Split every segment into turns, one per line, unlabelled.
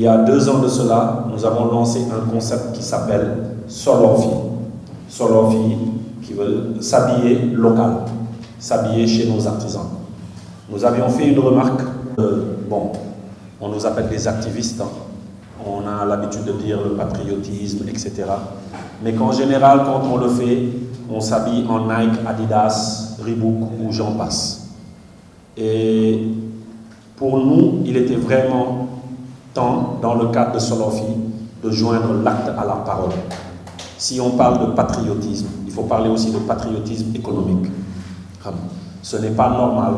Il y a deux ans de cela, nous avons lancé un concept qui s'appelle Solofi. vie qui veut s'habiller local, s'habiller chez nos artisans. Nous avions fait une remarque. bon, on nous appelle des activistes. Hein. On a l'habitude de dire le patriotisme, etc. Mais qu'en général, quand on le fait, on s'habille en Nike, Adidas, Reebok ou j'en passe. Et pour nous, il était vraiment dans le cadre de Solofi, de joindre l'acte à la parole. Si on parle de patriotisme, il faut parler aussi de patriotisme économique. Ce n'est pas normal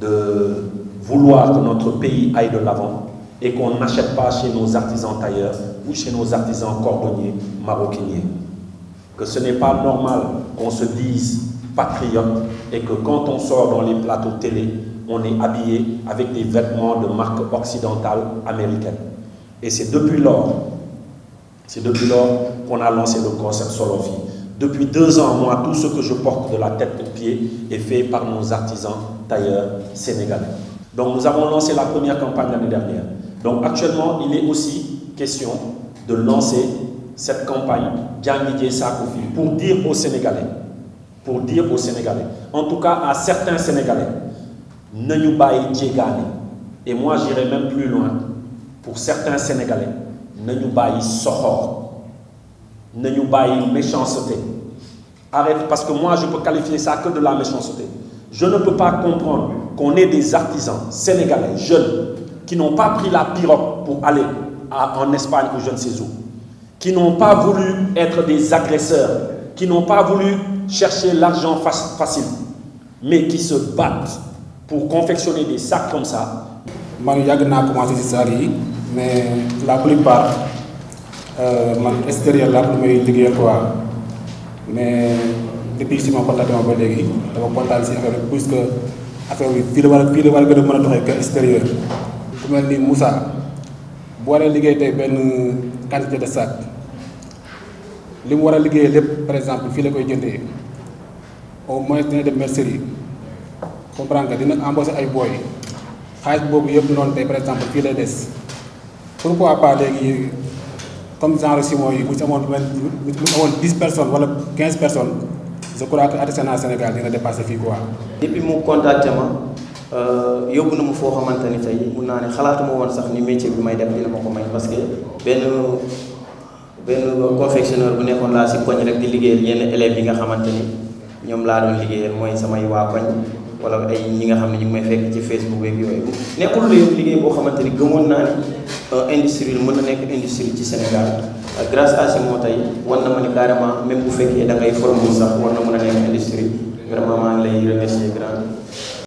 de vouloir que notre pays aille de l'avant et qu'on n'achète pas chez nos artisans tailleurs ou chez nos artisans cordonniers maroquiniers. Que ce n'est pas normal qu'on se dise patriote et que quand on sort dans les plateaux télé, on est habillé avec des vêtements de marque occidentale américaine. Et c'est depuis lors, c'est depuis lors qu'on a lancé le concept Solofi. Depuis deux ans, moi, tout ce que je porte de la tête aux pieds est fait par nos artisans tailleurs sénégalais. Donc nous avons lancé la première campagne l'année dernière. Donc actuellement, il est aussi question de lancer cette campagne pour dire aux Sénégalais, pour dire aux Sénégalais, en tout cas à certains Sénégalais, et moi j'irai même plus loin pour certains sénégalais nañu Ne méchanceté arrête parce que moi je peux qualifier ça que de la méchanceté je ne peux pas comprendre qu'on ait des artisans sénégalais jeunes qui n'ont pas pris la pirogue pour aller en Espagne ou je ne sais où, qui n'ont pas voulu être des agresseurs, qui n'ont pas voulu chercher l'argent facile, mais qui se
battent pour confectionner des sacs comme ça. man yàgg commencé si saar mais la plupart euh, man extérieur là, lu may quoi mais depuis si ma contacté ma ba léegi dama kontaan si affaire bi puisque affaire bi fii la war a fii que extérieur. Comme mel ni Moussa boire ligue liggéey ben benn quantité de sac li mu war par exemple fii la koy jëndee au moins de mercerie. comprendre nga dina embauché ay booy xaalis boobu yëpp noonu tey par exemple fii lay des pourquoi pas léegi comme genre Simon yi bu ci amoon bu ci amoon dix personnes wala quinze personnes je crois que artisanat Sénégal dina dépassé fii quoi. depuis mu contacté ma
euh, yóbbu na ma foo xamante ni tey mun naa ne xalaatuma woon sax ni métier bi may dem dina ma ko may parce que benn benn confectionneur bu nekkoon laa si koñ rek di liggéeyal yenn élèves yi nga xamante ni ñoom laa doon liggéeyal mooy samay waa koñ. wala ay ñi nga xam ne ñu ngi may fekk ci Facebook yooyu nekkul léegi liggéey boo xamante ni gëmoon naa ne euh, industrie lu mën na nekk industrie ci Sénégal euh, grâce à moo tey war na ma ni carrément même bu fekkee da ngay formé sax war na mën a nekk industrie vraiment maa ngi lay remercier grand